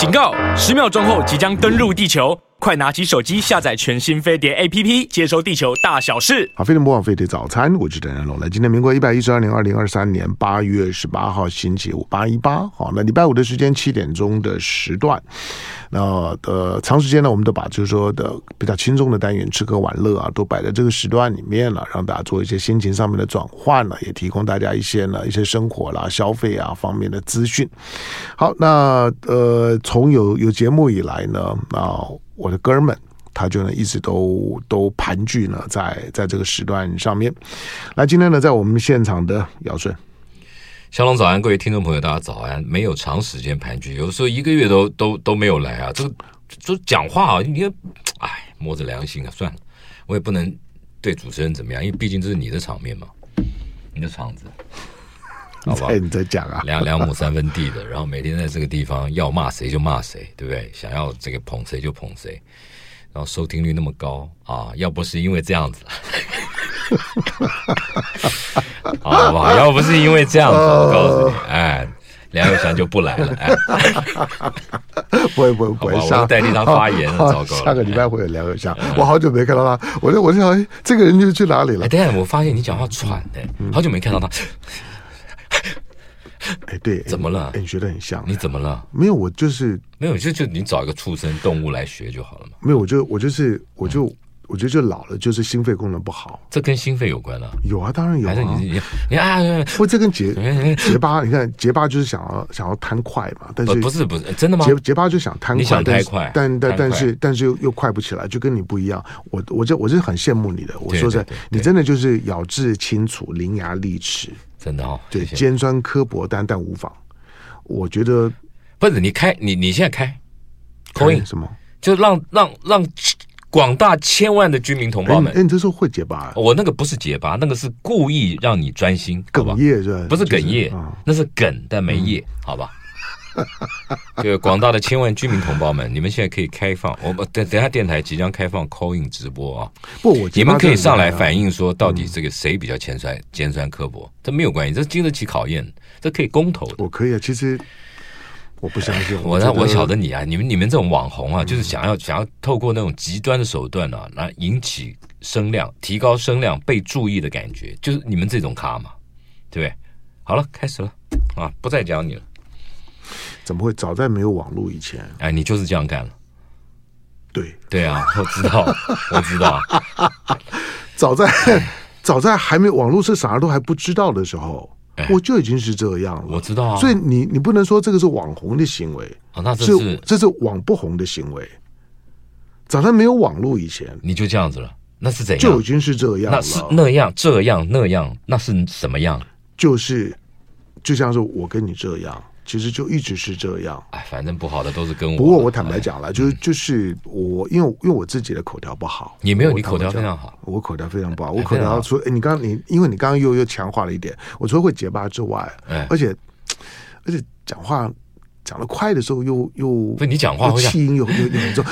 警告！十秒鐘後即將登陸地球。快拿起手機下載全新飛碟 A P P，接收地球大小事。好，飛碟聯播網，飛碟早餐，我是唐湘龍。來，今天民國一百一十二年二零二三年八月十八號星期五八一八。818, 好，那禮拜五的時間七點鐘的時段，那呃，長時間呢，我們都把就是說的比較輕鬆的單元，吃喝玩樂啊，都擺在這個時段裡面了，讓大家做一些心情上面的轉換了，也提供大家一些呢一些生活啦、消費啊方面的資訊。好，那呃，從有有節目以來呢，那我的哥們，他就能一直都都盤踞了，在在這個時段上面。那今天呢，在我們現場的姚舜、湘龍，早安，各位聽眾朋友，大家早安。沒有長時間盤踞，有時候一個月都都都沒有來啊。這個就講話啊，你也哎，摸着良心啊，算了，我也不能對主持人怎麼樣，因為畢竟這是你的場面嘛，你的場子。好吧，你在講啊好好，兩兩畝三分地的， 然後每天在這個地方要罵誰就罵誰，對不對？想要這個捧誰就捧誰，然後收聽率那麼高啊，要不是因為這樣子， 好不好？要不是因為這樣子，我告訴你，哎，梁有祥就不來了，哎， 不會不會,不會,不會好不好上，我代替他發言了，好好糟糕，下個禮拜會有梁有祥，哎、我好久沒看到他，我就我就想，這個人就去哪裡了？哎，等下我發現你講話喘的，好久沒看到他。 哎，對，怎麼了？哎，你學得很像。你怎麼了？沒有，我就是沒有，就就你找一個畜生動物來學就好了嘛。沒有，我就我就是我就、嗯、我覺得就，就老了，就是心肺功能不好，這跟心肺有關了、啊。有啊，當然有、啊你。你你啊，不，這跟結 結巴，你看結巴就是想要想要貪快嘛，但是、呃、不是不是真的嗎？結結巴就想貪快，你想快但是但貪快，但但但是但是又又快不起來，就跟你不一樣。我我這我是很羨慕你的。我說的，你真的就是咬字清楚，伶牙俐齒。真的哦，對，謝謝尖酸刻薄，但但無妨。我覺得不是你開，你你現在開，回應什麼？就讓讓讓廣大千萬的軍民同胞們，哎，你這時候會結巴、啊，我、哦、那個不是結巴，那個是故意讓你專心哽咽，梗葉吧對就是吧？不是哽咽、就是嗯，那是梗，但沒噎，嗯、好吧？哈，這個廣大的千萬居民同胞們， 你們現在可以開放，我等等下電台即將開放 call in 直播啊！不，我、啊，你們可以上來反映說到底這個誰比較尖酸、嗯、尖酸刻薄，這沒有關係，這經得起考驗，這可以公投的。我可以啊，其實我不相信，我我,我曉得你啊，你們你們這種網紅啊，嗯、就是想要想要透過那種極端的手段呢、啊，來引起聲量，提高聲量，被注意的感覺，就是你們這種咖嘛，對不對？好了，開始了啊，不再講你了。怎麼會？早在沒有網絡以前，哎，你就是這樣幹了。對對啊，我知道， 我知道、啊。早在、哎、早在還沒網絡是啥都還不知道的時候，哎、我就已經是這樣了。我知道、啊，所以你你不能說這個是網紅的行為，哦，那這是這是網不紅的行為。早在沒有網絡以前，你就這樣子了，那是怎樣？就已經是這樣了，那是那樣，這樣那樣，那是什麼樣？就是就像是我跟你這樣。其實就一直是這樣，哎，反正不好的都是跟我。不過我坦白講了，哎、就是就是我，因為因為我自己的口條不好。你沒有，你口條非常好。哎，我口條非常不好。哎、我口條除、哎哎、你剛你，因為你剛剛又又強化了一點，我除了會結巴之外，而且、哎、而且講話。講得快的時候又，又又不是你講話，氣音又又又有點重。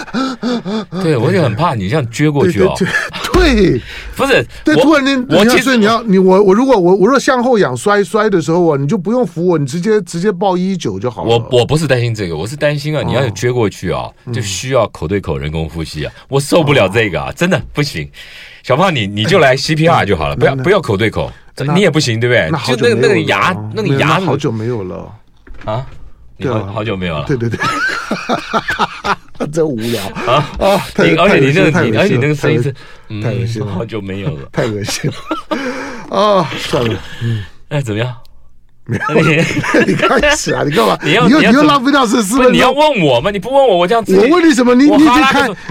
對，我也很怕你這樣撅過去哦。對，對對對對對 不是，我對突然間，我其實你要我我你要我我，我如果我我說向後仰摔摔的時候啊，你就不用扶我，你直接直接抱119就好了。我我不是擔心這個，我是擔心啊，你要撅過去啊，啊，就需要口對口人工呼吸啊，嗯、我受不了這個啊，真的、啊、不行。小胖，你你就來 CPR、哎、就好了，哎好了哎、不要、哎、不要口對口，你也不行，也不行，對不對？那好久那個牙，那個牙好久沒有了啊。你好對、啊、好久沒有了。對對對，呵呵真無聊啊！哦、啊那個，而且你那個，而且你那個聲音是太噁心了，好久沒有了，太噁心了啊！算了，嗯，哎，怎麼樣？你 你開始啊？你幹嘛？你又你又掉你，你，你要問我嗎？你不問我，我這樣子。我問你什麼？你你你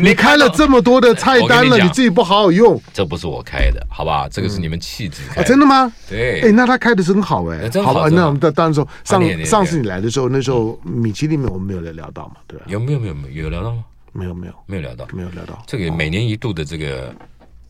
你開了這麼多的菜單了你，你自己不好好用？這不是我開的，好吧？這個是你們氣質開的、嗯啊、真的嗎？對。哎、欸，那他開的真好哎、欸。那好，好，好。那我們到當時、啊、上上，上次你來的時候，那時候、嗯、米其林我們沒有聊到嘛？對、啊、有沒有沒有沒有，有聊到嗎？沒有沒有沒有聊到。沒有聊到。這個每年一度的這個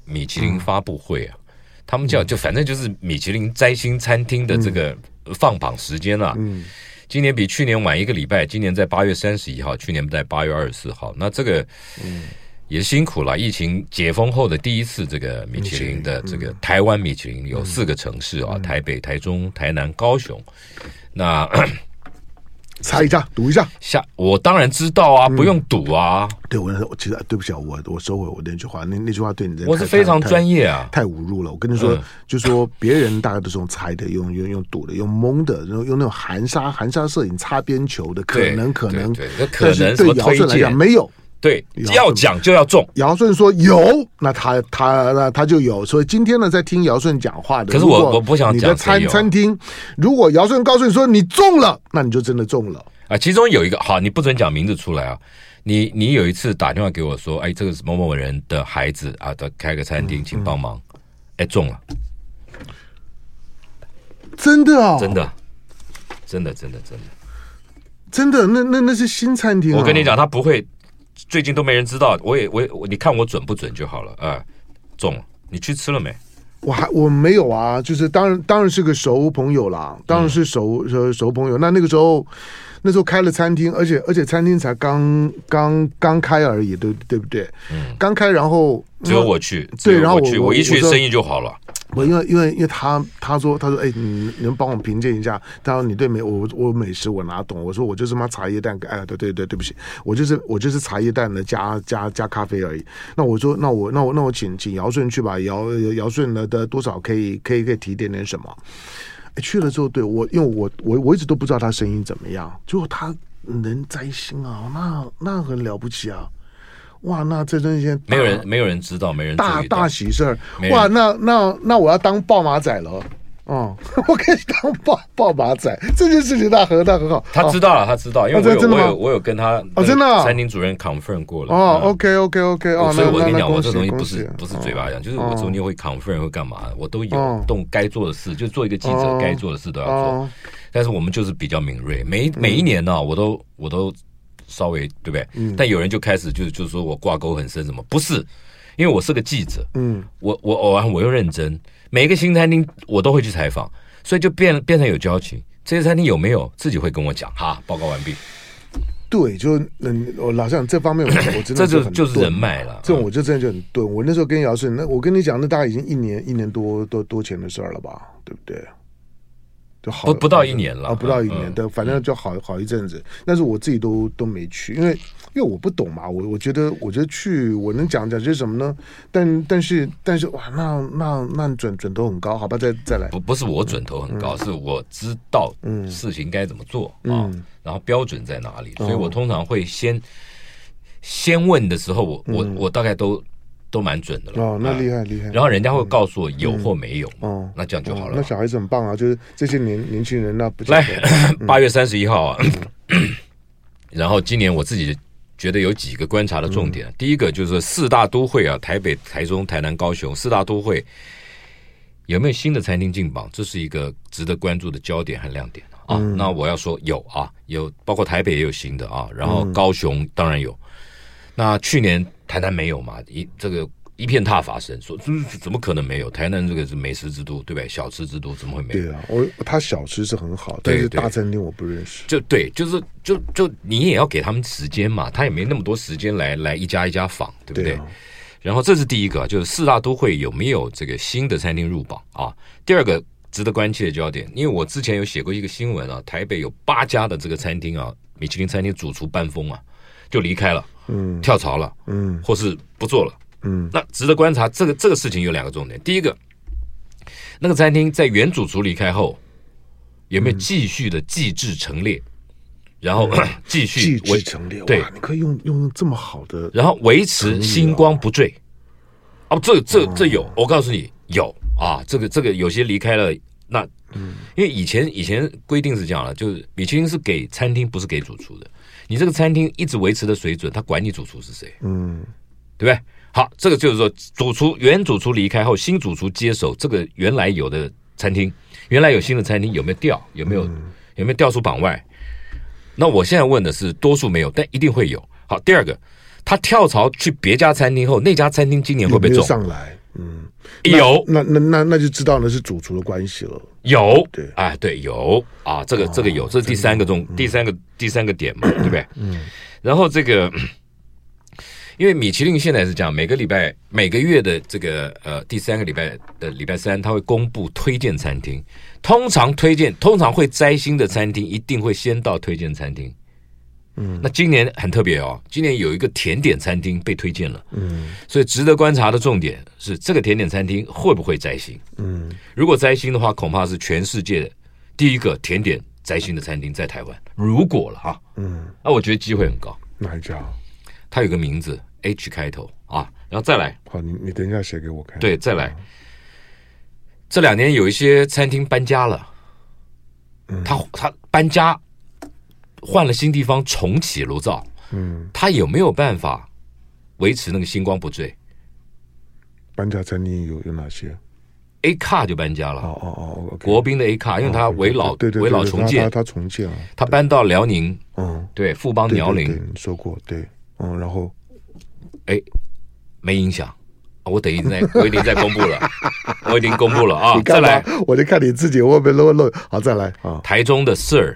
米其林發布會啊，嗯、他們叫就反正就是米其林摘星餐廳的這個、嗯。放榜時間了，嗯，今年比去年晚一個禮拜，今年在八月三十一號，去年在八月二十四號。那這個，嗯，也辛苦了，疫情解封後的第一次，這個米其林的這個台灣米其林有四個城市啊，台北、台中、台南、高雄。那咳咳猜一下，賭一下，下我當然知道啊，嗯、不用賭啊。對我，我其實、啊、對不起啊，我我收回我那句話，那那句話對你，我是非常專業啊太太太，太侮辱了。我跟你說，嗯、就說別人大概都是用猜的，用用用，用賭的，用蒙的，然後用那種含沙含沙射影、擦邊球的可能，可能，可能，但是對姚舜來講沒有。對，要講就要中。姚舜說有，那他他那他就有。所以今天呢，在聽姚舜講話的，可是我我不想講。你的餐餐廳，如果姚舜告訴你說你中了，那你就真的中了啊。其中有一個好，你不准講名字出來啊。你你有一次打電話給我說，哎，這個是某某人的孩子啊，他開個餐廳，請幫忙嗯嗯。哎，中了，真的啊、哦，真的，真的真的真的真的，那那那是新餐廳、啊。我跟你講，他不會。最近都沒人知道，我也我也你看我準不準就好了啊，呃、中，你去吃了沒？我還我沒有啊，就是當然當然是個熟朋友啦，當然是熟熟，嗯，熟朋友。那那個時候，那時候開了餐廳，而且而且餐廳才剛剛剛開而已，對，對不對？嗯，剛開，然後，嗯，只有我去，對，然後我去然後我，我一去生意就好了。我因為因為因為他他說他說哎、欸、你能幫我評鑑一下，他說，你對美我我美食我哪懂？我說，我就是媽茶葉蛋哎、欸、對對對對不起，我就是我就是茶葉蛋的加加加咖啡而已，那我說，那我那我那我，那我請請姚舜去吧，姚姚舜的多少可以可以可以提點點什麼、欸、去了之後，對我因為我我我一直都不知道他聲音怎麼樣，就他能摘星啊，那那很了不起啊。哇，那這真是沒有沒人沒有人知道，沒人大大喜事兒。哇，那那那我要當報馬仔了，哦，我可以當報報馬仔。這件事情那很那很好，他知道了，他知道，因為有我有，、啊、我，有，我，有我有跟他哦、啊，真的餐、啊、廳主任 confirm 過了。哦、啊、，OK okay okay，、啊、OK OK 哦，所以我跟你講，我這東西不是不是嘴巴講、哦，就是我中間會 confirm 會幹嘛，哦、我都有、哦、動該做的事，就做一個記者、哦、該做的事都要做、哦。但是我們就是比較敏銳，每、嗯、每一年呢、啊，我都我都。稍微對不對、嗯。但有人就開始就就說我掛鈎很深什麼？不是，因為我是個記者，嗯，我我偶然我又認真，每一個新餐廳我都會去採訪，所以就變變成有交情。這些餐廳有沒有自己會跟我講哈？報告完畢。對，就人我、嗯，老實講這方面我，我真的這就就是人脈了。這我就真的就很頓、嗯。我那時候跟姚舜，那我跟你講，那大概已經一年一年多多多前的事兒了吧，對不對？就好不不到一年了，啊、哦，不到一年，但、嗯、反正就好好一陣子、嗯。但是我自己都都沒去，因為因為我不懂嘛，我我覺得我覺得去，我能講講些什麼呢？但但是但是哇，那那那準準頭很高，好吧，再再來。不不是我準頭很高、嗯，是我知道事情該怎麼做、嗯啊、然後標準在哪裡，嗯、所以我通常會先先問的時候，我、嗯、我我大概都。都蠻準的了哦，那厲害厲害、啊。然後人家會告訴我有或沒有、嗯嗯嗯、哦，那這樣就好了、哦。那小孩子很棒啊，就是這些年年輕人那不。來八月三十一號啊、嗯，然後今年我自己覺得有幾個觀察的重點、嗯，第一個就是四大都會啊，台北、台中、台南、高雄四大都會有沒有新的餐廳進榜，這是一個值得關注的焦點和亮點啊。嗯、啊那我要說有啊，有包括台北也有新的啊，然後高雄當然有。嗯那去年台南沒有嘛？一這個一片撻伐聲，說這、嗯、怎麼可能沒有？台南這個是美食之都，對不對？小吃之都怎麼會沒有？對啊，我他小吃是很好對對，但是大餐廳我不認識。就對，就是就就你也要給他們時間嘛，他也沒那麼多時間來來一家一家訪，對不對，對、啊？然後這是第一個，就是四大都會有沒有這個新的餐廳入榜啊？第二個值得關切的焦點，因為我之前有寫過一個新聞啊，台北有八家的這個餐廳啊，米其林餐廳主廚搬風啊，就離開了。嗯，跳槽了嗯，嗯，或是不做了，嗯，那值得觀察。這個這個事情有兩個重點。第一個，那個餐廳在原主廚離開後，有沒有繼續的極致陳列，然後、嗯、繼續極致對，你可以用用這麼好的，然後維持星光不墜。哦、嗯啊，這這這有，我告訴你有啊。這個這個有些離開了，那、嗯、因為以前以前規定是這樣的，就是米其林是給餐廳，不是給主廚的。你這個餐廳一直維持的水準，他管你主廚是誰，嗯，對不對？好，這個就是說，主廚原主廚離開後，新主廚接手這個原來有的餐廳，原來有新的餐廳有沒有掉？有沒有、嗯、有沒有掉出榜外？那我現在問的是，多數沒有，但一定會有。好，第二個，他跳槽去別家餐廳後，那家餐廳今年會不會中，有沒有上來？嗯，有。那那那那,那就知道那是主廚的關係了。有，對，啊、對，有啊，這個，這個有，啊、這是第三個中，第三個、嗯，第三個點嘛，對不對？嗯。然後這個，因為米其林現在是這樣，每個禮拜、每個月的這個呃第三個禮拜的、呃、禮拜三，他會公布推薦餐廳。通常推薦，通常會摘星的餐廳，一定會先到推薦餐廳。嗯，那今年很特別哦，今年有一個甜點餐廳被推薦了，嗯，所以值得觀察的重點是這個甜點餐廳會不會摘星？嗯，如果摘星的話，恐怕是全世界第一個甜點摘星的餐廳在台灣。如果了哈、啊，嗯，那我覺得機會很高。哪一家？它有個名字，H 開頭啊，然後再來，好、啊，你你等一下寫給我看看。對，再來，嗯、這兩年有一些餐廳搬家了，嗯，他他搬家。換了新地方，重啟爐灶。嗯，他有沒有辦法維持那個星光不墜？搬家餐廳有有哪些？A 卡就搬家了。哦哦哦。Okay，國賓的 A 卡，因為他危老，哦，對，對，對對對，危老重建，他，他，他重建，啊，他搬到遼寧。嗯，對，富邦遼寧。對對對，說過，對。嗯，然後，哎、欸，沒影響。我等於在，我已經在公布了， 我已經公布了啊！你再來，我就看你自己會不會漏漏。好，再來啊！台中的 Sur。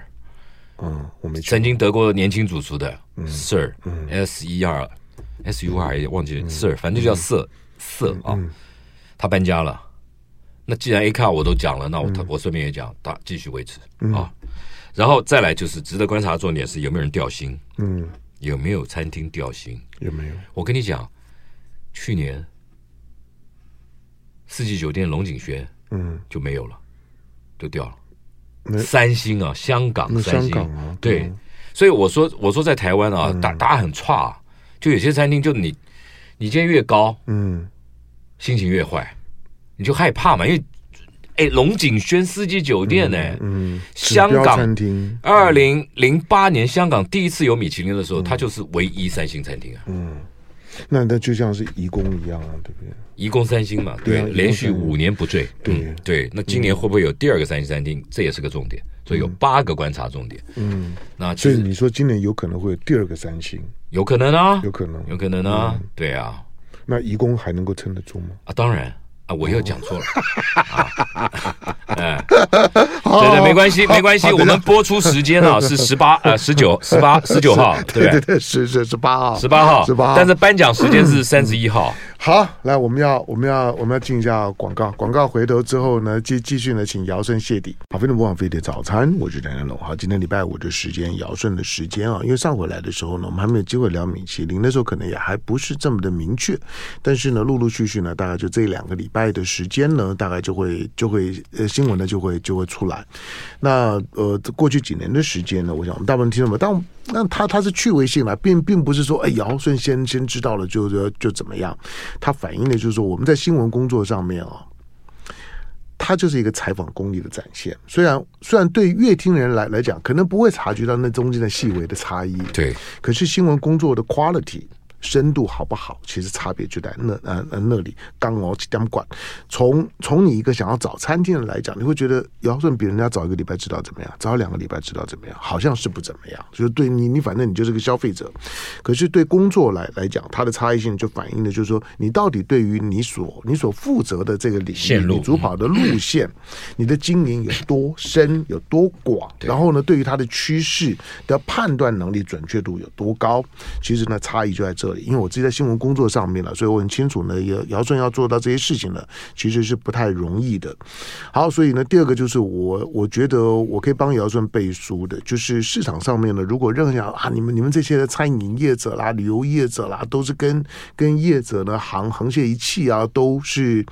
嗯，我們曾經得過年輕主廚的 Sir、嗯嗯、S e 二 S U R 也、嗯、忘記、嗯、Sir，反正就叫 S3、嗯、Sir Sir、哦、啊、嗯嗯，他搬家了。那既然 A 咖我都講了，那我、嗯、我順便也講，他繼續維持啊、哦嗯。然後再來就是值得觀察的重點是有沒有人掉星、嗯，有沒有餐廳掉星，有沒有？我跟你講，去年四季酒店龍景軒嗯就沒有了，嗯、就掉了。三星啊，香港三星，啊、對、嗯，所以我說我說在台灣啊，嗯、打打很差，就有些餐廳就你你今天越高，嗯，心情越壞，你就害怕嘛，因為哎，龍景軒四季酒店呢、欸，嗯，香、嗯、港餐廳，二零零八年、嗯、香港第一次有米其林的時候、嗯，它就是唯一三星餐廳啊，嗯。那那就像是頤宮一樣啊，對不對？頤宮三星嘛，對、啊對啊，連續五年不墜。對、啊嗯嗯、對，那今年會不會有第二個三星三星？啊、這也是個重點，所以有八個觀察重點。嗯，那其實所以你說今年有可能會有第二個三星，有可能啊，有可能，有可能啊，能啊嗯、對啊。那頤宮還能夠撐得住嗎？啊，當然。我又講錯了，哎、 啊嗯，對對，沒關係，沒關係。我們播出時間呢、啊、是十八啊十九十八十九號對對，對對對，是是八號，十八號，十八。但是頒獎時間是三十一號、嗯。好，來，我們要我們要我們要進一下廣告，廣告回頭之後呢，繼繼續呢，請姚舜謝底。好，飛碟聯播網飛碟早餐，我覺得呢好，今天禮拜五的時間，姚舜的時間啊、哦，因為上回來的時候呢，我們還沒有機會聊米其林，那時候可能也還不是這麼的明確。但是呢，陸陸續續呢，大概就這兩個禮拜。愛的時間呢，大概就會就會呃，新聞呢就會就會出來。那呃，過去幾年的時間呢，我想我們大部分聽眾吧，但但他他是趣味性了，並並不是說哎，姚舜先先知道了就就，就怎麼樣。他反映的就是說，我們在新聞工作上面啊，他就是一個採訪功力的展現。雖然雖然對閱聽人來來講，可能不會察覺到那中間的細微的差異，對。可是新聞工作的 quality。深度好不好，其實差別就在那那、啊、那裡剛好幾根管。從從你一個想要找餐廳的來講，你會覺得姚舜比人家早一個禮拜知道怎麼樣，早兩個禮拜知道怎麼樣，好像是不怎麼樣。就是對你，你反正你就是個消費者。可是對工作來來講，它的差異性就反映的，就是說你到底對於你所你所負責的這個領域，你主跑的路線， 你的經營有多深有多廣，然後呢，對於它的趨勢的判斷能力準確度有多高，其實呢，差異就在這。因為我自己在新聞工作上面了、啊，所以我很清楚呢，姚姚舜要做到這些事情呢，其實是不太容易的。好，所以呢，第二個就是我，我覺得我可以幫姚舜背書的，就是市場上面呢，如果任何啊，你們你們這些餐飲業者啦、旅遊業者啦，都是跟跟業者呢沆沆瀣一氣啊，都是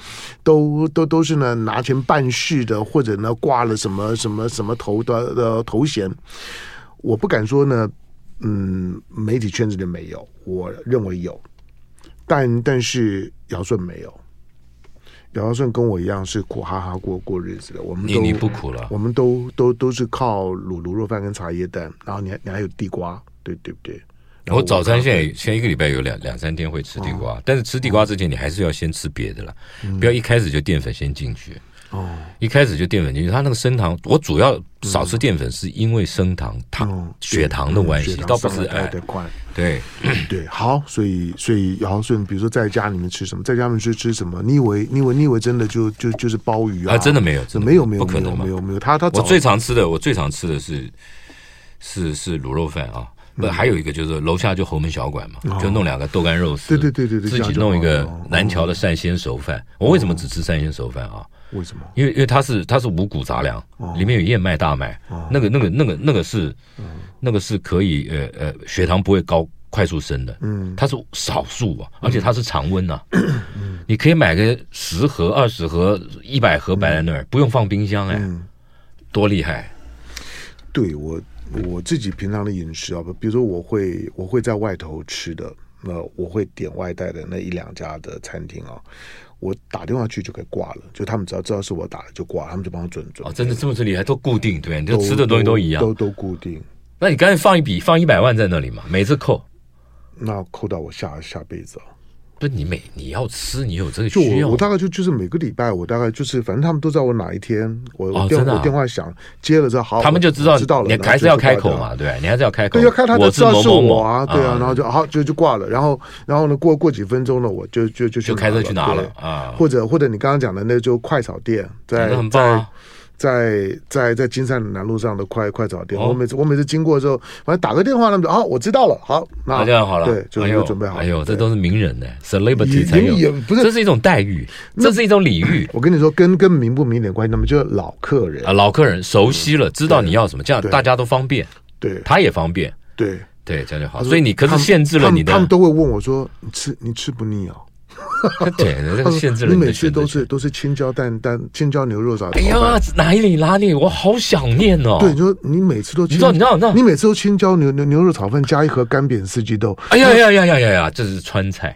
都都都是呢拿錢辦事的，或者呢掛了什麼什麼什麼頭的的、呃、頭銜，我不敢說呢。嗯，媒體圈子裡沒有，我認為有，但但是姚舜沒有，姚姚舜跟我一樣是苦哈哈過過日子的，我們都你不苦了，我們都都都是靠滷滷肉飯跟茶葉蛋，然後你你還有地瓜，對對不對？然後早餐現在現在一個禮拜有兩兩三天會吃地瓜，啊，但是吃地瓜之前你還是要先吃別的了，嗯，不要一開始就澱粉先進去。哦、嗯，一開始就澱粉進去，它那個升糖，我主要少吃澱粉，是因為升糖糖、嗯、血糖的關係、嗯，倒不是哎，對對 對，好，所以所以然後，所以姚舜比如說在家裡面吃什麼，在家裡面吃吃什麼？你以為你以為你以為真的就就就是鮑魚啊，啊？真的沒有，這沒有沒有不可能嘛沒有沒有，沒有。他他我最常吃的，我最常吃的是是是滷肉飯啊，嗯、不還有一個就是樓下就侯門小館嘛、嗯，就弄兩個豆干肉絲，對對對對對，自己弄一個南橋的三鮮熟飯、嗯嗯嗯。我為什麼只吃三鮮熟飯啊？為什麼？因為因為它是它是五穀雜糧、哦，裡面有燕麥、大麥，哦、那個那個那個那個是、嗯，那個是可以呃呃血糖不會高，快速升的。嗯，它是少數啊、嗯，而且它是常溫啊，嗯、你可以買個十盒、二、嗯、十盒、一百盒擺在那兒、嗯，不用放冰箱哎，嗯、多厲害！對我我自己平常的飲食啊，比如說我會我會在外頭吃的，那、呃、我會點外帶的那一兩家的餐廳啊。我打電話去就給掛了，就他們只要知道是我打了就掛，他們就幫我轉轉。哦，真的這麼厲害，還都固定，對吧，你就吃的東西都一樣，都都，都固定。那你乾脆放一筆，放一百萬在那裡嘛，每次扣，那扣到我下下輩子啊。不是你每你要吃，你有這個需要。我，我大概就就是每個禮拜，我大概就是反正他們都知道我哪一天我電、哦啊、我電話響接了之後，好，他們就知道知道了。你還是要開口嘛，對，你還是要開口。對，要開他就知道是啊我啊，對啊，嗯、然後就好就就掛了，然後然後呢，過過幾分鐘呢，我就就就去就開車去拿了啊、嗯，或者或者你剛剛講的那就快炒店，在、那個啊、在。在在在在金山南路上的快快找店，我每次我每次經過的時候，反正打個電話，那麼啊我知道了，好，那這樣好了，對，就準備好了，哎呦，這都是名人呢，celebrity 才有，不是，這是一種待遇，這是一種禮遇。我跟你說，跟跟名不名的關係，那麼就是老客人啊，老客人熟悉了，知道你要什麼，這樣大家都方便，對，他也方便，對，對，這樣就好。所以你可是限制了你的，他們都會問我說，你吃你吃不膩啊？對，限制了你每次都是都是青椒蛋蛋青椒牛肉炒。 哎呀，哪裡哪裡，我好想念哦！對，你說你每次都知道你知道你知道，你知道，你每次都青椒牛牛牛肉炒飯加一盒乾煸四季豆。哎呀呀呀呀呀！這是川菜。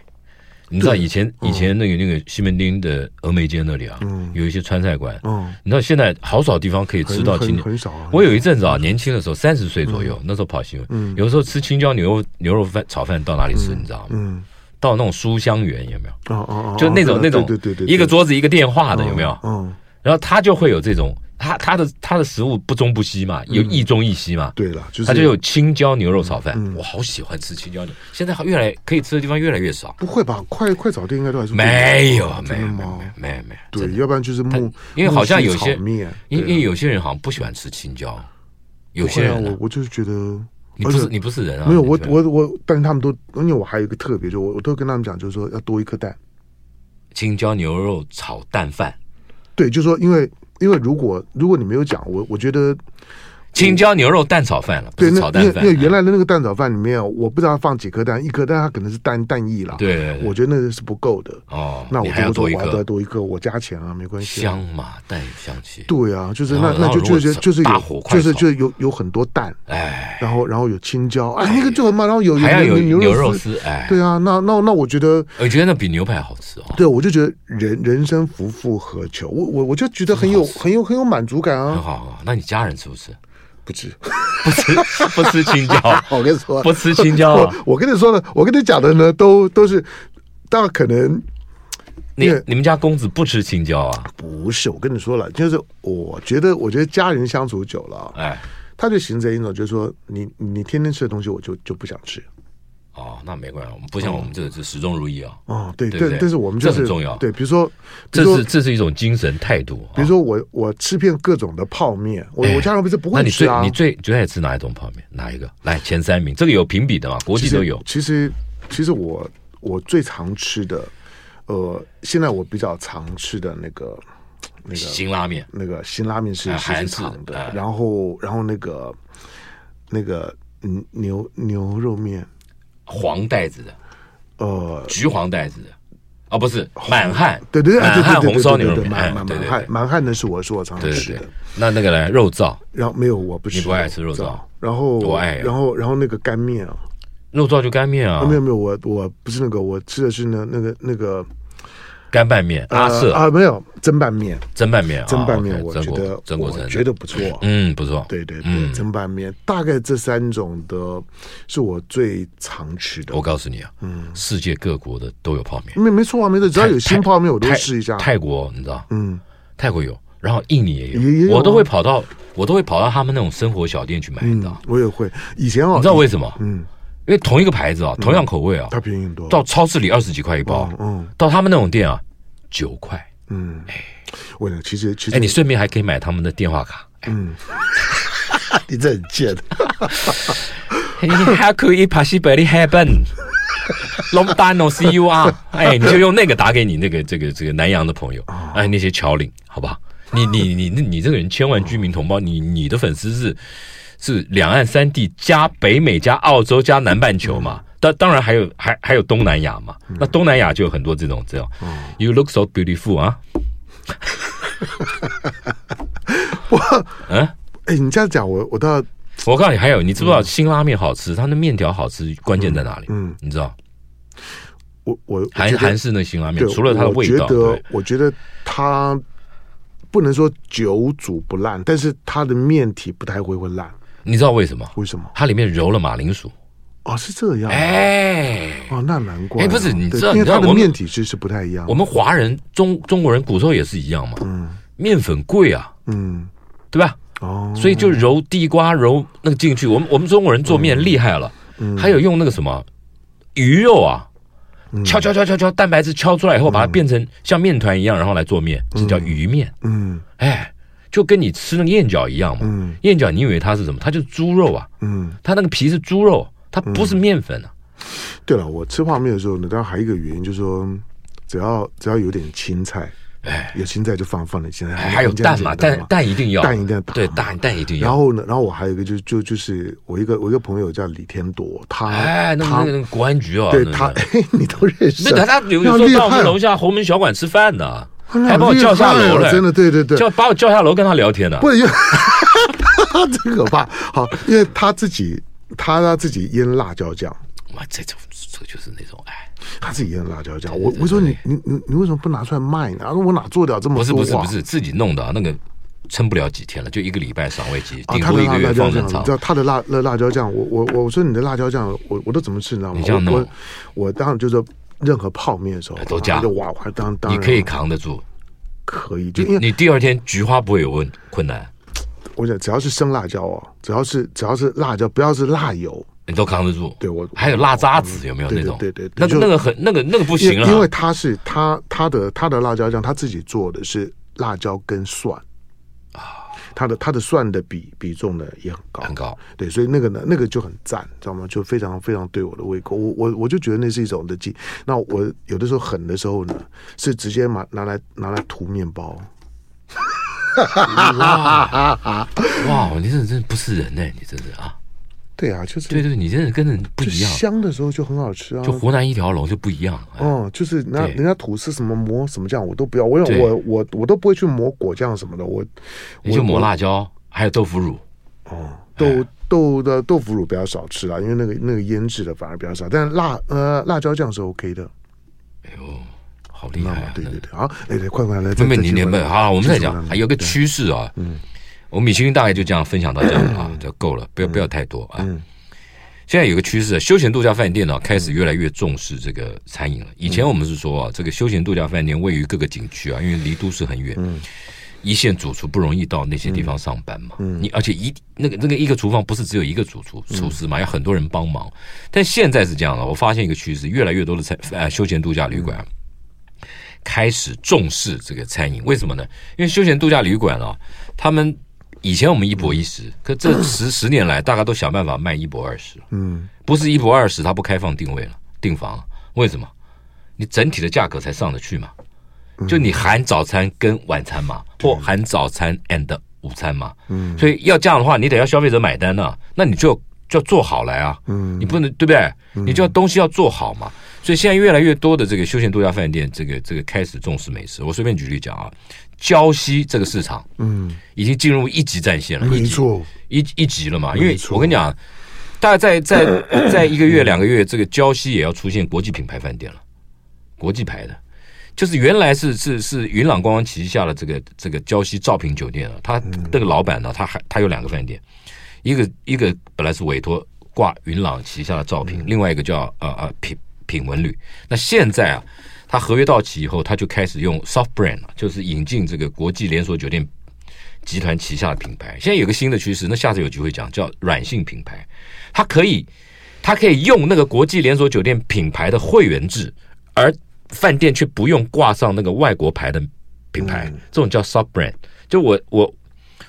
你知道以前、嗯、以前那個那個西門町的峨眉街那裡啊、嗯，有一些川菜館嗯。嗯，你知道現在好少地方可以吃到青椒很很。很少。我有一陣子啊，年輕的時候三十歲左右、嗯，那時候跑新聞。嗯，有時候吃青椒牛牛肉飯炒飯，到哪裡吃、嗯？你知道嗎？嗯。嗯到那種書香園有沒有？哦哦，就那種那種，對對對，一個桌子一個電話的有沒有？嗯，然後他就會有這種，他他的他的食物不中不西嘛，有亦中亦西嘛。對、嗯、了，就是他就有青椒牛肉炒飯，就是、我好喜歡吃青椒牛、嗯。現在越來可以吃的地方越來越少。不會吧？快快炒店應該都還是沒有、啊、沒有沒有沒有沒有。對，要不然就是木，因為好像有些，因因為有些人好像不喜歡吃青椒，有些人、啊、我我就是覺得。你不是你不是人啊！沒有是是我我我，但是他們都，因為我還有一個特別，就我我都跟他們講，就是說要多一顆蛋，青椒牛肉炒蛋飯，對，就說因為因為如果如果你沒有講，我我覺得。青椒牛肉蛋炒飯了，不是炒蛋飯。因為、嗯、原來的那個蛋炒飯裡面，我不知道放幾顆蛋，哎，一顆蛋它可能是蛋蛋液了。對、對、對，我覺得那個是不夠的。哦，那我再多，我要多多一個，我加錢啊，沒關係。香嘛，蛋香氣。對啊，就是那那就是就是就是就是就有有很多蛋，哎，然後然後有青椒，哎，哎那個就很慢然後有有有牛，牛肉絲，哎，對啊，那那，那我覺得，我覺得那比牛排好吃哦。對，我就覺得人人生夫復何求，我我我就覺得很有很有很有，很有滿足感啊。很好，那你家人吃不吃？不吃， 不吃，不吃青椒。 我跟你說，不吃青椒、啊、我，我跟你說呢，我跟你講的呢，都都是，但可能你你們家公子不吃青椒啊？不是，我跟你說了，就是我覺得，我覺得家人相處久了，哎，他就形成一種，就是、說你你天天吃的東西，我就就不想吃。哦，那沒關係，我們不像我們這個是始終如一啊。哦，嗯嗯、對對，對，對，但是我們、就是，這很重要、啊。對，比如說，如說這是這是一種精神態度。比如說我、啊，我我吃遍各種的泡麵，我、哎、我家人不是不會吃啊。那你最你最，最愛吃哪一種泡麵？哪一個？來前三名，這個有評比的嘛？國際都有。其實其實，其實我我最常吃的，呃，現在我比較常吃的那個那個辛拉麵，那個辛拉麵是鹹是的。然後然後那個那個牛牛肉麵。黃袋子的，呃，橘黃袋子的，啊、哦，不是滿漢、哦啊，對對對、對、對、嗯、對、對、對滿、滿漢紅燒牛肉麵，滿滿漢滿漢的是我我常、常吃的，對對對對那那個呢？肉燥，然後沒有我不吃，你不愛吃肉燥，然後我愛，然後然後、然後那個乾麵啊，肉燥就乾麵啊，沒有沒有我我不是那個，我吃的是那那個那個。那個乾拌麵、啊，色、呃、啊，沒有蒸拌麵，蒸拌麵啊，蒸拌麵、啊、okay, 我覺得蒸蒸我覺得不錯，嗯，不錯，對對對，嗯、蒸拌麵大概這三種的是我最常吃的。我告訴你啊，嗯，世界各國的都有泡麵，沒沒錯啊，沒錯，只要有新泡麵我都試一下。泰，泰，泰國你知道？嗯，泰國有，然後印尼也有，也也有啊、我都會跑到我都會跑到他們那種生活小店去買的、啊嗯，我也會，以前、啊、你知道為什麼？嗯。嗯因為同一個牌子啊，同樣口味啊，它、嗯、便宜多。到超市裡二十幾塊一包，啊嗯，嗯，到他們那種店啊，九塊，嗯，哎、欸，我其實其實，哎、欸，你順便還可以買他們的電話卡，欸、嗯， 你真賤，Hey, how could it possibly happen? Long time no see you，哎，你就用那個打給你那個這個、這個、這個南洋的朋友，哎、oh. 欸，那些僑領，好不好？ 你你你你這個人，千萬居民同胞，oh. 你你的粉絲是。是兩岸三地加北美加澳洲加南半球嘛？當、嗯、當然還有還還有東南亞嘛、嗯？那東南亞就有很多這種這樣。嗯、You look so beautiful 啊！ 我嗯，哎、欸欸，你這樣講我我倒……我告訴你，還有，你知，不知道辛拉麵好吃，嗯、它的麵條好吃，嗯、關鍵在哪裡？嗯，你知道？我我韓韓式那辛拉麵，除了它的味道，我覺得，我覺得它不能說久煮不爛，但是它的麵體不太會會爛。你知道為什麼？為什麼？它裡面揉了馬鈴薯，哦，是這樣、啊，哎、欸，哦，那難怪、啊。哎、欸，不是，你知道，你知道，我們面體質是不太一樣的我。我們華人、中中國人骨肉也是一樣嘛。嗯，麵粉貴啊，嗯，對吧？哦，所以就揉地瓜揉那個進去。我們我們中國人做面、嗯、厲害了、嗯，還有用那個什麼魚肉啊，嗯、敲，敲敲敲敲敲，蛋白質敲出來以後、嗯，把它變成像面團一樣，然後來做面，這叫魚麵。嗯，哎。就跟你吃那個燕餃一樣嘛，嗯，燕餃你以為它是什麼？它就是豬肉啊，嗯，它那個皮是豬肉，它不是麵粉啊。對了，我吃泡麵的時候呢，當然還有一個原因就是說，只要只要有點青菜，哎，有青菜就放放點青菜，還，還有蛋嘛，蛋蛋一定要，蛋一定要打，對，蛋蛋一定要。然後呢，然後我還有一個就就就是我一個我一個朋友叫李天朵，他哎，那個那個公安局哦、啊，對那、那個、他， 你都認識，那他他比如說到我們樓下紅門小館吃飯呢。還把我叫下樓了，真的，對對對，叫把我叫下樓跟他聊天的，不，是，哈哈哈，真可怕。好，因為他自己，他他自己醃辣椒醬，哇，這種這就是那種哎，他自己醃辣椒醬，嗯、對對對對，我我說你你你你為什麼不拿出來賣呢？我說我哪做得了這麼多？啊？不是不是不是自己弄的，那個撐不了幾天了，就一個禮拜上，上位級頂多一個月放冷藏。你知道他的辣那辣椒醬，我我我說你的辣椒醬，我我都怎麼吃你知道嗎？我我當然就說，是。任何泡麵的時候都加，就哇哇當當，你可以扛得住，可以。就你第二天菊花不會有問困難。我想只要是生辣椒哦，只要是只要是辣椒，不要是辣油，你都扛得住。對我還有辣渣子有沒有那種？嗯、對，對，對對，那個、就那個很那個那個不行了，因為他是他他的他的辣椒醬他自己做的是辣椒跟蒜。它的它的蒜的比比重呢也很高，很高，對，所以那個呢，那個就很讚，知道嗎？就非常非常對我的胃口，我我我就覺得那是一種的技，那我有的時候狠的時候呢，是直接拿來拿來拿來塗面包 哇。哇，你這真的真的不是人呢、欸？你真是啊！對啊，就是對對，你真的跟人不一樣。香的時候就很好吃啊，就湖南一條龍就不一樣。嗯，就是人家人家吐司什麼磨什麼醬，我都不要。我我我我都不會去磨果醬什麼的我你。我就磨辣椒，還有豆腐乳。哦，豆、哎、豆的豆腐乳比較少吃啊，因為那個那個醃製的反而比較少。但辣呃辣椒醬是 OK 的。哎呦，好厲害、啊！對對對，好、啊，對、哎、對，快快來，準備你準備啊，我們在講還有個趨勢啊。嗯。我們米其林大概就這樣分享到這樣啊，就夠了，不要不要太多啊。現在有個趨勢，休閒度假飯店呢、啊、開始越來越重視這個餐飲了。以前我們是說，啊，這個休閒度假飯店位於各個景區啊，因為離都市很遠，一線主廚不容易到那些地方上班嘛。你而且一那個那個一個廚房不是只有一個主廚廚師嘛，有很多人幫忙。但現在是這樣了、啊，我發現一個趨勢，越來越多的餐啊，休閒度假旅館開始重視這個餐飲，為什麼呢？因為休閒度假旅館啊，他們以前我們一泊一食、嗯，可這十 十年來，大家都想辦法賣一泊二食。嗯，不是一泊二食，它不開放訂位了，訂房。為什麼？你整體的價格才上得去嘛，就你含早餐跟晚餐嘛，嗯、或含早餐 and 午餐嘛，嗯。所以要這樣的話，你得要消費者買單呢、啊。那你就就要做好來啊。嗯、你不能對不對？你就要東西要做好嘛。所以現在越來越多的這個休閒度假飯店，這個這個開始重視美食。我隨便舉例講啊。礁溪這個市場，嗯，已經進入一級戰線了，嗯、沒錯，一一級了嘛。因為我跟你講，大概在在在一個月、嗯、兩個月，這個礁溪也要出現國際品牌飯店了，國際牌的，就是原來是是是雲朗觀光旗下的這個這個礁溪兆品酒店了。他那個老闆呢，他還他有兩個飯店，一個一個本來是委託掛雲朗旗下的兆品，嗯、另外一個叫呃呃品品文旅，那現在啊。他合約到期以後，他就開始用 soft brand，就是引進這個國際連鎖酒店集團旗下的品牌。現在有個新的趨勢，那下次有機會講，叫軟性品牌。他可以，他可以用那個國際連鎖酒店品牌的會員制，而飯店卻不用掛上那個外國牌的品牌。這種叫 soft brand。就我我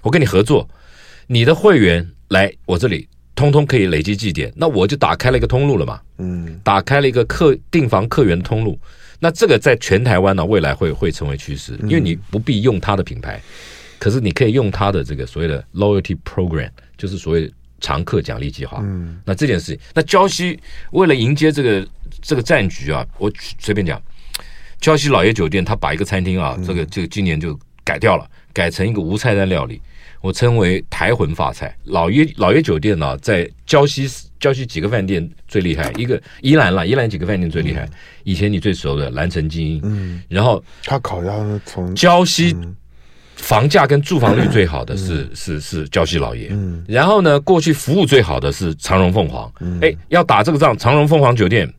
我跟你合作，你的會員來我這裡，通通可以累積積點，那我就打開了一個通路了嘛。嗯，打開了一個客訂房客源的通路。那這個在全台灣呢，未來會會成為趨勢，因為你不必用它的品牌，嗯，可是你可以用它的這個所謂的 loyalty program，就是所謂常客獎勵計劃。嗯，那這件事情，那礁溪為了迎接這個這個戰局啊，我隨便講，礁溪老爺酒店他把一個餐廳啊，嗯、這個就今年就改掉了，改成一個無菜單料理，我稱為台魂法菜。老爺老爺酒店呢、啊，在礁溪。江西幾個飯店最厲害？一個宜蘭啦，宜蘭幾個飯店最厲害？嗯、以前你最熟的藍城精英，嗯，然後他烤鴨呢，從江西房價跟住房率最好的是、嗯、是是江西老爺，嗯，然後呢，過去服務最好的是長榮鳳凰，嗯，哎，要打這個仗，長榮鳳凰酒店，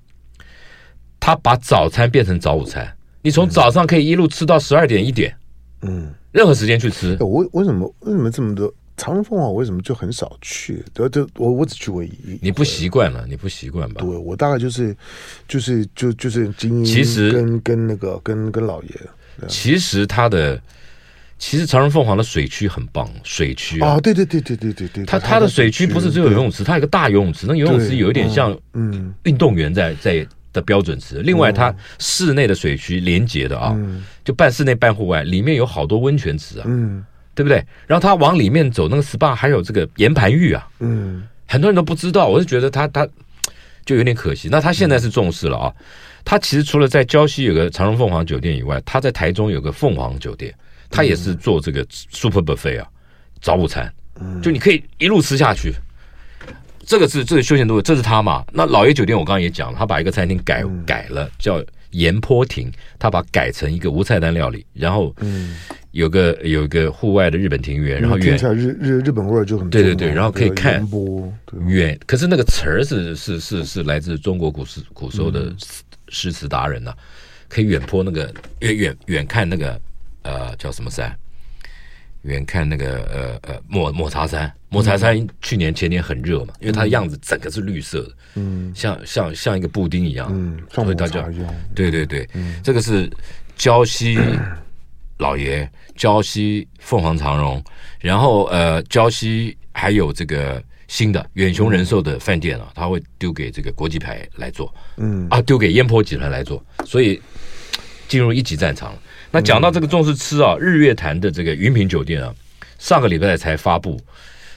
他把早餐變成早午餐，你從早上可以一路吃到十二點一點，嗯，任何時間去吃，哎、我為什麼為什麼這麼多？長榮鳳凰，我為什麼就很少去？對，就我我只去過一。你不習慣了，你不習慣吧？對，我大概就是，就是就就是精英跟其實跟跟那個跟跟老爺。其實它的，其實長榮鳳凰的水區很棒，水區啊、哦，對對對對對對，對。它它的水區不是只有游泳池，它有一個大游泳池，那游泳池有一點像嗯運動員在、嗯、在的標準池。另外，它室內的水區連接的啊，嗯、就半室內半戶外，裡面有好多溫泉池啊，嗯。對不對？然後他往裡面走，那個 SPA 還有這個岩盤浴啊，嗯，很多人都不知道。我是覺得他他，他就有點可惜。那他現在是重視了啊。嗯、他其實除了在礁溪有個長榮鳳凰酒店以外，他在台中有個鳳凰酒店，他也是做這個 super buffet 啊，早午餐，嗯、就你可以一路吃下去。嗯、這個是這個休閒度，這是他嘛？那老爺酒店我剛剛也講了，他把一個餐廳改改了、嗯、叫。岩波庭，他把改成一個無菜單料理，然後有，有個有個戶外的日本庭園，然後遠一下日日日本味就很對對對，然後可以看遠，可是那個詞兒是是是是來自中國古詩古時候的詩詞達人吶、啊，可以遠坡那個遠遠遠看那個呃叫什麼山。遠看那個呃呃抹抹茶山，抹茶山去年前年很熱嘛、嗯，因為它的樣子整個是綠色的，嗯，像像像一個布丁一樣，嗯，所以大家對對對，嗯、這個是礁溪老爺，礁溪鳳凰長榮，然後呃礁溪還有這個新的遠雄人壽的飯店啊，他會丟給這個國際牌來做，嗯啊丟給煙波集團來做，所以進入一級戰場。那講到這個重視吃啊，日月潭的這個雲品酒店啊，上個禮拜才發布，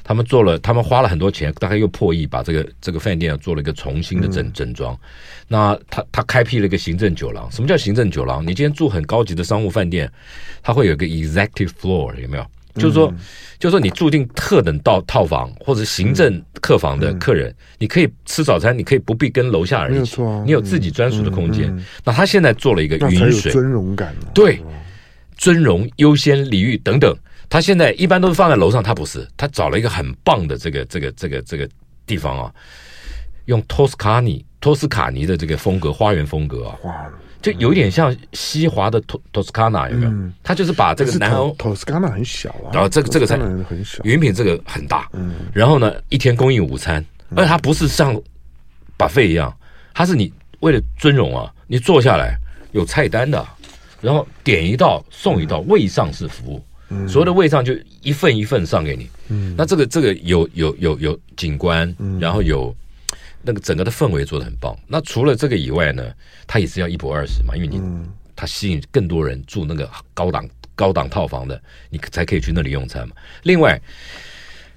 他們做了，他們花了很多錢，大概又破億，把這個這個飯店啊，做了一個重新的整整裝。那他他開闢了一個行政酒廊，什麼叫行政酒廊？你今天住很高級的商務飯店，它會有個 executive floor，有沒有？就是說，就是說，你住進特等到套房或者行政客房的客人，嗯，你可以吃早餐，你可以不必跟樓下人一起沒錯，啊嗯，你有自己專屬的空間，嗯嗯。那他現在做了一個、嗯、雲水有尊榮感，啊，對尊榮優先禮遇等等，他現在一般都是放在樓上，他不是，他找了一個很棒的這個這個這個這個地方啊，用托斯卡尼托斯卡尼的這個風格花園風格啊。就有點像西華的托托斯卡納有沒有？他、嗯、就是把這個南歐托斯卡納很小啊，然、哦、後這個、Toscana、這個菜雲品這個很大、嗯。然後呢，一天供應午餐，而且它不是像 buffet 一樣，它是你為了尊榮啊，你坐下來有菜單的，然後點一道送一道、嗯，位上是服務，嗯、所有的位上就一份一份上給你。嗯、那這個這個有有有有景觀，嗯、然後有。那個整個的氛圍做得很棒。那除了這個以外呢，它也是要一泊二食嘛，因為你它吸引更多人住那個高檔高檔套房的，你才可以去那裡用餐嘛。另外，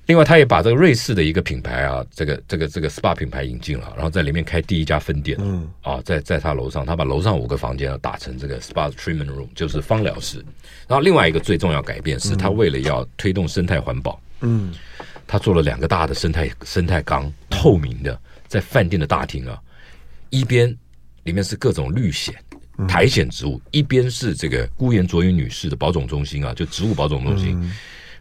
另外，他也把這個瑞士的一個品牌啊，這個這個這個 SPA 品牌引進了，然後在裡面開第一家分店。嗯啊，在在他樓上，他把樓上五個房間要打成這個 SPA treatment room，就是芳療室。然後另外一個最重要改變是，他為了要推動生態環保，嗯，他做了兩個大的生態生態缸，透明的。嗯在飯店的大廳啊，一邊裡面是各種綠蘚、苔蘚植物，一邊是這個辜嚴倬雲女士的保種中心啊，就植物保種中心，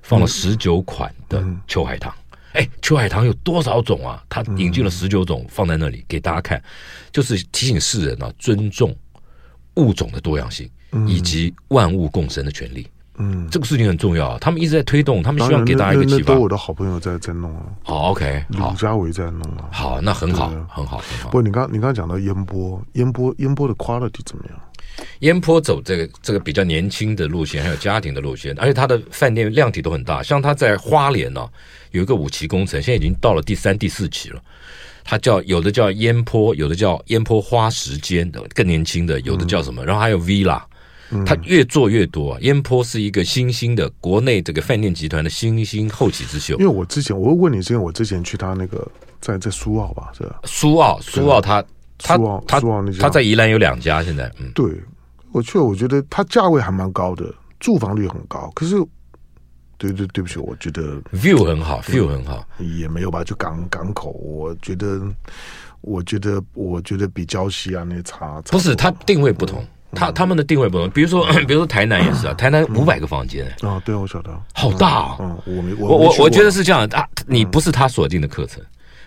放了十九款的秋海棠。哎、欸，秋海棠有多少種啊？它引進了十九種放在那裡給大家看，就是提醒世人啊，尊重物種的多樣性，以及萬物共生的權利。嗯，這個事情很重要，他們一直在推動，他們希望給大家一個啟發。我的好朋友在在弄，oh, okay, 在弄啊，好 OK，好，李家維在弄啊，好，那很好，很好，好。不過你剛你剛講到煙波，煙波，煙波的 quality 怎麼樣？煙波走這個這個比較年輕的路線，還有家庭的路線，而且它的飯店量體都很大。像他在花蓮呢、啊，有一個五期工程，現在已經到了第三、第四期了。它叫有的叫煙波，有的叫煙波花時間的更年輕的，有的叫什麼？嗯、然後還有 Villa 啦。嗯、他越做越多啊！煙波是一個新興的國內這個飯店集團的新興後起之秀。因為我之前，我問你，之前我之前去他那個在在蘇澳吧，是吧？蘇澳，蘇澳他，他，蘇澳，他，澳，他在宜蘭有兩家。現在，嗯，對我去，我覺得他價位還蠻高的，住房率很高。可是，對對對不起，我覺得 view 很好、嗯、，view 很好也，也沒有吧？就港港口，我覺得，我覺得，我覺得，我覺得比礁溪啊那些差不。不是，它定位不同。嗯他他們的定位不同，比如說，嗯、比如說台南也是啊，嗯、台南五百個房間啊，對、嗯，我曉得，好大啊，嗯嗯、我沒，我沒我我覺得是這樣，啊、嗯，你不是他鎖定的課程，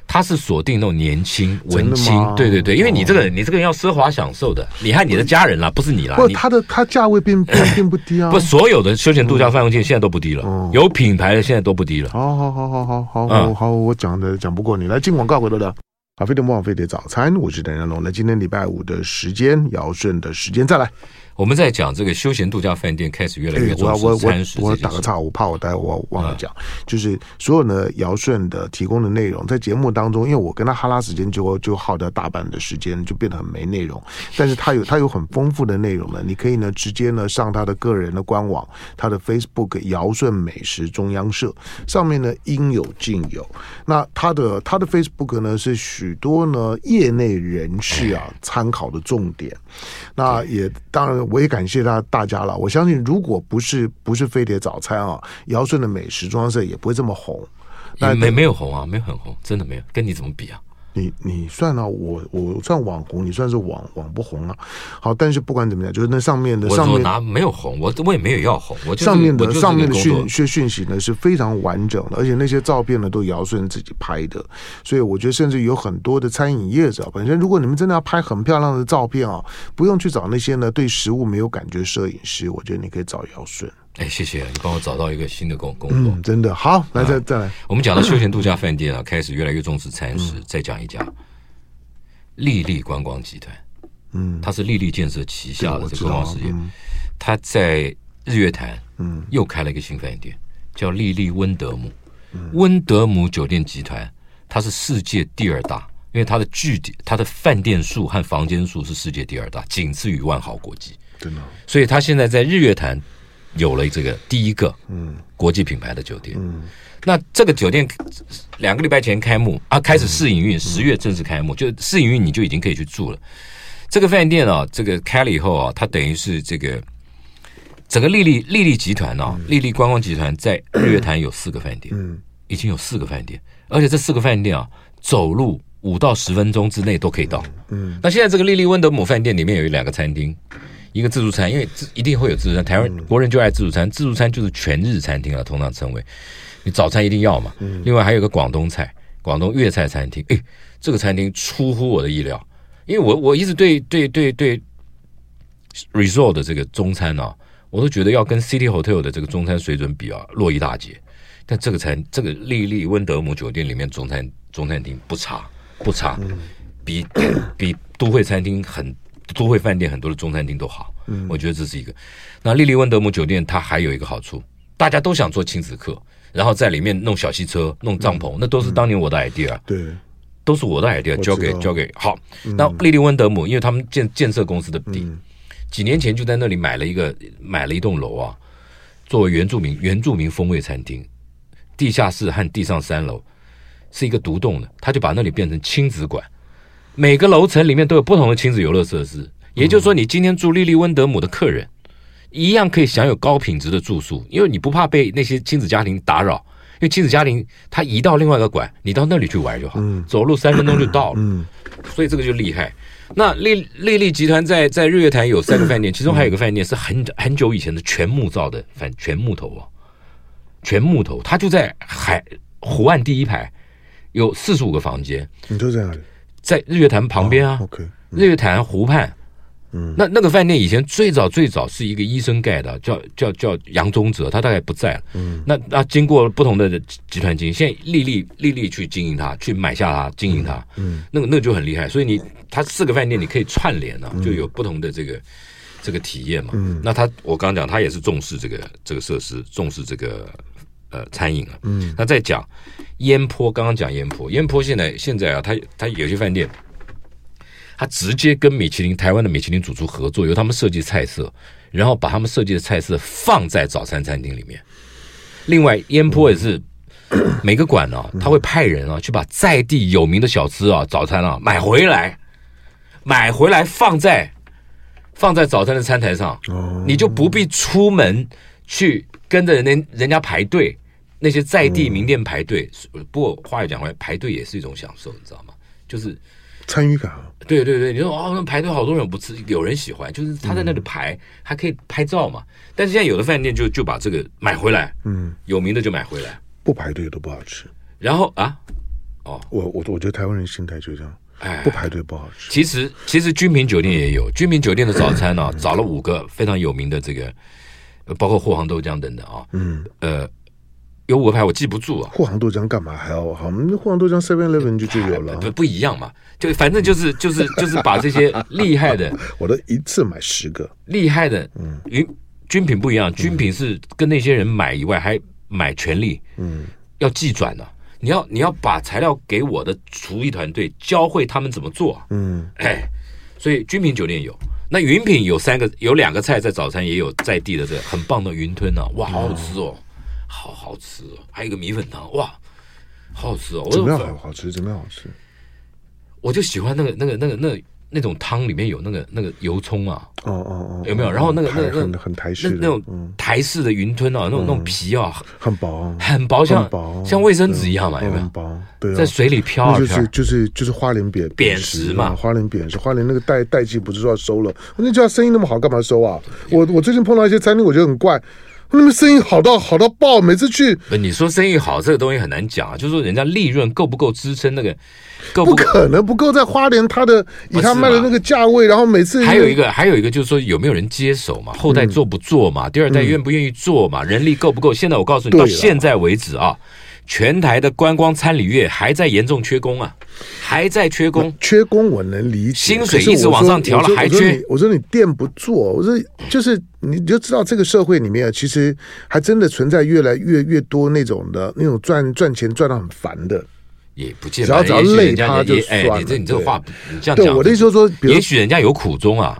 他是鎖定那種年輕、嗯、文青，對對對，因為你這個人、嗯，你這個人要奢華享受的，你看你的家人啦，不是，不是你啦，不，他的他價位並並並不低啊，不，所有的休閒度假范用性現在都不低了、嗯，有品牌的現在都不低了，好、嗯、好好好好好，嗯、好，好，好，我講的講不過你，來進廣告回頭聊。好，飛碟網，飛碟早餐，我是唐湘龍。那今天禮拜五的時間，姚舜的時間再來。我們在講這個休閒度假飯店開始越來越、欸、我我我我打個岔，我怕我待我忘了講，嗯，就是所有呢，姚舜的提供的內容在節目當中，因為我跟他哈拉時間就就耗掉大半的時間，就變得很沒內容。但是他有他有很豐富的內容呢，你可以呢直接呢上他的個人的官網，他的 Facebook 姚舜美食中央社上面呢應有盡有。那他的他的 Facebook 呢是許多呢業內人士啊參考的重點。哎，那也當然。我也感謝大大家了。我相信，如果不是不是飛碟早餐啊，姚舜的美食裝飾也不會這麼紅。那沒沒有紅啊，沒有很紅，真的沒有。跟你怎麼比啊？你你算啊，我我算網紅，你算是網網不紅了、啊。好，但是不管怎麼樣，就是那上面的上面我沒有紅，我我也沒有要紅。我、就是、上面的就上面的訊訊息呢是非常完整的，而且那些照片呢都姚舜自己拍的，所以我覺得甚至有很多的餐飲業者、啊，本身，如果你們真的要拍很漂亮的照片啊，不用去找那些呢對食物沒有感覺攝影師，我覺得你可以找姚舜。哎，謝謝你幫我找到一個新的工工作，嗯，真的好，來、啊、再再來，我們講到休閒度假飯店啊、嗯，開始越來越重視餐食、嗯，再講一家，力麗觀光集團，嗯，它是力麗建設旗下的這個公司、嗯、它在日月潭，嗯，又開了一個新飯店，嗯、叫力麗溫德姆、嗯，溫德姆酒店集團，它是世界第二大，因為它的據點、它的飯店數和房間數是世界第二大，僅次於萬豪國際，對。所以它現在在日月潭。有了這個第一個嗯國際品牌的酒店，嗯，那這個酒店兩個禮拜前開幕、嗯、啊，開始試營運，十、嗯嗯、月正式開幕，就試營運你就已經可以去住了。這個飯店啊，這個開了以後啊，它等於是這個整個麗麗麗麗集團呢、啊，麗、嗯、麗觀光集團在日月潭有四個飯店，嗯，已經有四個飯店，而且這四個飯店啊，走路五到十分鐘之內都可以到嗯，嗯。那現在這個麗麗溫德姆飯店裡面有兩個餐廳。一個自助餐，因為自一定會有自助餐。台灣國人就愛自助餐，自助餐就是全日餐廳啊，通常稱為。你早餐一定要嘛。另外還有一個廣東菜，廣東粵菜餐廳。誒。這個餐廳出乎我的意料，因為我我一直對對對對，對，Resort 的這個中餐啊，我都覺得要跟 City Hotel 的這個中餐水準比啊，落一大截。但這個餐，這個麗麗溫德姆酒店裡面中餐中餐廳不差不差，嗯、比比都會餐廳很。都會飯店很多的中餐廳都好、嗯，我覺得這是一個。那莉莉溫德姆酒店它還有一個好處，大家都想做親子客，然後在裡面弄小汽車、弄帳篷、嗯，那都是當年我的 idea、嗯。對，都是我的 idea，交給交給，好、嗯。那莉莉溫德姆，因為他們建建設公司的地、嗯，幾年前就在那裡買了一個買了一棟樓啊，作為原住民原住民風味餐廳，地下室和地上三樓是一個獨棟的，他就把那裡變成親子館。每個樓層裡面都有不同的親子遊樂設施，也就是說，你今天住莉莉溫德姆的客人、嗯，一樣可以享有高品質的住宿，因為你不怕被那些親子家庭打擾，因為親子家庭他移到另外一個館，你到那裡去玩就好，嗯、走路三分鐘就到了、嗯嗯，所以這個就厲害。那莉莉莉集團在在日月潭有三個飯店、嗯，其中還有一個飯店是很很久以前的全木造的，反全木頭哦。全木頭，它就在海湖岸第一排，有四十五個房間，你都在那裡。在日月潭旁邊啊，oh, okay, um, 日月潭湖畔，嗯，那那個飯店以前最早最早是一個醫生蓋的，叫叫叫楊宗澤，他大概不在了，嗯，那那經過不同的集團經營，現在麗麗麗麗去經營它，去買下它，經營它，嗯，嗯，那個那就很厲害，所以你它四個飯店你可以串聯了，啊，嗯，就有不同的這個這個體驗嘛，嗯，那他我剛講他也是重視這個這個設施，重視這個。呃，餐飲了，嗯，那再講，煙波剛剛講煙波，煙波現在現在啊，他他有些飯店，他直接跟米其林台灣的米其林主廚合作，由他們設計菜色，然後把他們設計的菜色放在早餐餐廳裡面。另外，煙波也是、嗯、每個館呢、啊，他會派人啊去把在地有名的小吃啊、早餐啊買回來，買回來放在放在早餐的餐台上、嗯，你就不必出門去跟着人家人家排隊。那些在地名店排隊，嗯、不過話又講回來，排隊也是一種享受，你知道嗎？就是參與感。對對對，你說哦，那排隊好多人不吃，有人喜歡，就是他在那裡排、嗯，還可以拍照嘛。但是現在有的飯店就就把這個買回來，嗯，有名的就買回來，不排隊都不好吃。然後啊，哦，我我我覺得台灣人心態就這樣，哎，不排隊不好吃。其實其實君品酒店也有君品、嗯、酒店的早餐啊、哦嗯嗯，找了五個非常有名的這個，包括阜杭豆漿等等啊、哦，嗯呃。有五個牌，我記不住啊。滬杭豆漿幹嘛還要我好？滬杭豆漿 Seven Eleven 就就有了，不不，不一樣嘛？就反正就是就是 就是把這些厲害的， 我都一次買十個。厲害的，嗯，雲雲品不一樣，雲品是跟那些人買以外，還買權利，嗯，要記轉的、啊，你要你要把材料給我的廚藝團隊，教會他們怎麼做，嗯，哎，所以雲品酒店有，那雲品有三個，有兩個菜在早餐也有在地的這個很棒的雲吞呢、啊，哇、嗯，好好吃哦。好好吃哦，還有一個米粉湯，哇，好好吃哦！怎麼樣好、好吃？怎麼樣好吃？我就喜歡那個那個那個那那種湯裡面有那個那個油蔥啊，哦哦哦，有沒有？嗯、然後那個那個很很台式那，那種台式的雲吞哦、啊嗯，那種那種皮哦、啊嗯、很薄很薄，很薄像很薄像衛生紙一樣嘛，有，沒有很薄，對，在水裡飄啊，就是就是就是花蓮扁扁食、扁食嘛，花蓮扁食，花蓮那個代代記不是說要收了？那家生意那麼好，幹嘛收啊？我我最近碰到一些餐廳，我覺得很怪。那麼生意好到好到爆，每次去。你說生意好這個東西很難講啊，就是說人家利潤夠不夠支撐那個？不可能不夠，在花蓮他的，以他賣的那個價位，然後每次還有一個還有一個就是說有沒有人接手嘛，後代做不做嘛？第二代願不願意做嘛？人力夠不夠？現在我告訴你，到現在為止啊。全台的觀光餐旅業還在嚴重缺工啊，還在缺工，缺工我能理解，薪水一直往上調了，還缺，我我，我說你店不做，我說就是你就知道這個社會裡面其實還真的存在越來越越多那種的那種賺賺錢賺到很煩的，也不見得，只要只要累他就哎，你這你這個話，你這樣講，我的意思說，也許人家有苦衷啊，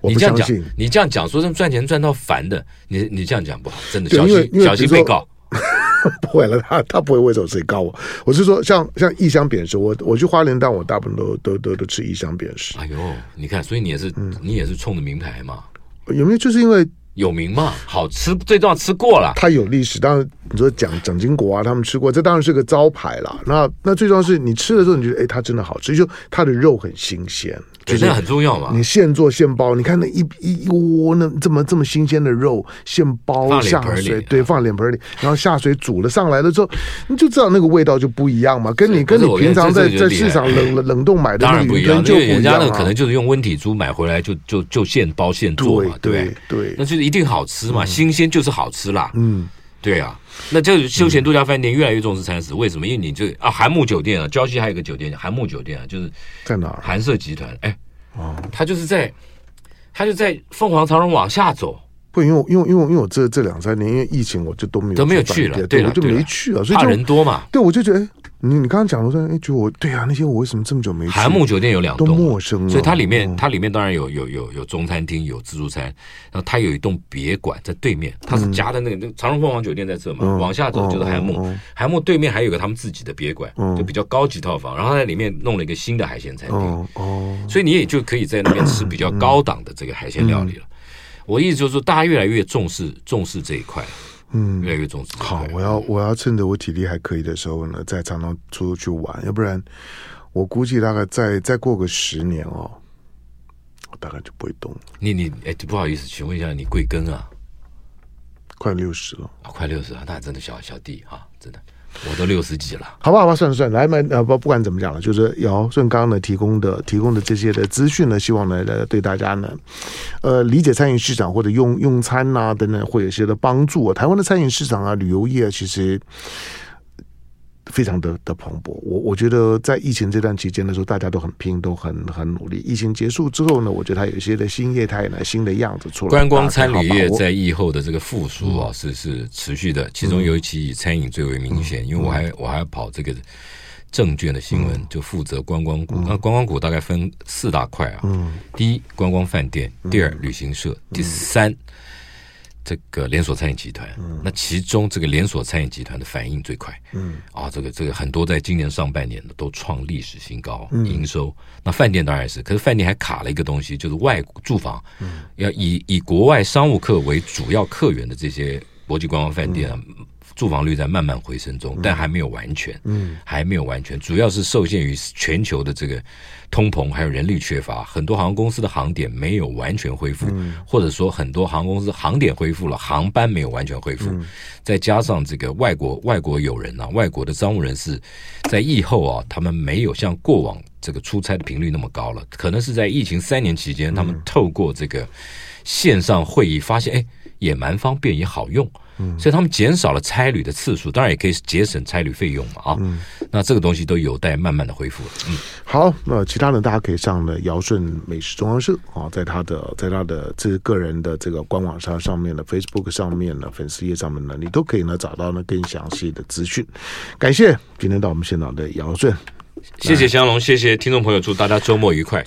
你這樣講，你這樣講說賺賺錢賺到煩的，你你這樣講不好，真的，小心小心被告。 不會了，他他不會，為什麼誰告我？我是說像，像像液香扁食，我我去花蓮，但我大部分都都都都吃液香扁食。哎呦，你看，所以你也是、嗯、你也是衝着名牌嘛？有沒有就是因為有名嘛？好吃最重要，吃過了，它有歷史。當然你說蔣蔣經國啊，他們吃過，這當然是個招牌了。那那最重要是你吃的時候，你覺得哎、欸，它真的好吃，就它的肉很新鮮。.對，這很重要嘛！就是、你現做現包，你看那一一一窩那這麼這麼新鮮的肉，現包下水，對，放臉盆裡，啊、然後下水煮了上來了之後，你就知道那個味道就不一樣嘛，跟你跟你平常在這這在市場冷、哎、冷凍買的那肯定就不一樣。人家那個可能就是用溫體豬買回來就就就現包現做嘛，對對，對不對？對，那就是一定好吃嘛，嗯、新鮮就是好吃啦，嗯。對啊，那這個休閒度假飯店越來越重視餐食，嗯，為什麼？因為你這啊，寒沐酒店啊，礁溪還有一個酒店，寒沐酒店啊，就是在哪？寒舍集團，哎，哦、啊，它就是在，它就在鳳凰長榮往下走。不，因為因為因為因為我這這兩三年因為疫情，我就都沒有都沒有去了,了，對，我就沒去了,了,了所以。怕人多嘛？對，我就覺得，哎、你你剛剛講的，說、哎，誒就我對啊，那些我為什麼這麼久沒？去？寒沐酒店有兩棟了，都陌生了，所以它裡面、嗯、它裡面當然有有有有中餐廳，有自助餐，然後它有一棟別館在對面，它是夾在那個那、嗯、長榮鳳凰酒店在這嘛，嗯、往下走就是寒沐，寒、嗯、沐對面還有個他們自己的別館、嗯，就比較高級套房，然後在裡面弄了一個新的海鮮餐廳，哦、嗯嗯，所以你也就可以在那邊吃比較高檔的這個海鮮料理了。嗯嗯嗯我意思就是說，大家越來越重視重視這一塊，嗯，越來越重視。好，我要我要趁着我體力還可以的時候呢，再常常出去玩，要不然我估計大概再再過個十年哦，我大概就不會動了。你你哎、欸，不好意思，請問一下，你貴庚啊？快六十了，啊、快六十了，那真的小小弟啊，真的。我都六十幾了，好吧，好吧，算了算了，來嘛，呃，不，不管怎麼講了，就是姚舜剛呢提供的提供的這些的資訊呢，希望呢，來對大家呢，呃，理解餐飲市場或者用用餐啊等等，會有些的幫助啊。台灣的餐飲市場啊，旅遊業其實，非常的的蓬勃，我我覺得在疫情這段期間的時候，大家都很拼，都很很努力。疫情結束之後呢，我覺得它有一些的新業態呢，新的樣子出來。觀光餐旅業、業在疫後的這個復甦啊，嗯、是是持續的，其中尤其以餐飲最為明顯。嗯、因為我還我還跑這個證券的新聞，嗯、就負責觀光股那、嗯、觀光股大概分四大塊啊。嗯，第一觀光飯店，第二旅行社，嗯、第三。這個連鎖餐飲集團，嗯，那其中這個連鎖餐飲集團的反應最快，嗯啊，哦，這個這個很多在今年上半年都創歷史新高，嗯，營收。那飯店當然是，可是飯店還卡了一個東西，就是外住房，嗯，要以以國外商務客為主要客源的這些國際觀光飯店。嗯嗯住房率在慢慢回升中，但還沒有完全，嗯，還沒有完全，主要是受限於全球的這個通膨，還有人力缺乏，很多航空公司的航點沒有完全恢復，或者說很多航空公司航點恢復了，航班沒有完全恢復，嗯、再加上這個外國外國友人啊，外國的商務人士在疫後啊，他們沒有像過往這個出差的頻率那麼高了，可能是在疫情三年期間，他們透過這個線上會議發現，誒、哎。也蠻方便也好用，嗯，所以他們減少了差旅的次數，當然也可以節省差旅費用嘛啊，嗯。那這個東西都有待慢慢的恢復，嗯，好，那其他的大家可以上呢，姚舜美食中央社啊，在他的，在他的這個個人的這個官網上上面呢 Facebook 上面呢粉絲頁上面呢，你都可以呢找到呢更詳細的資訊。感謝今天到我們現場的姚舜，謝謝湘龍，謝謝聽眾朋友，祝大家週末愉快。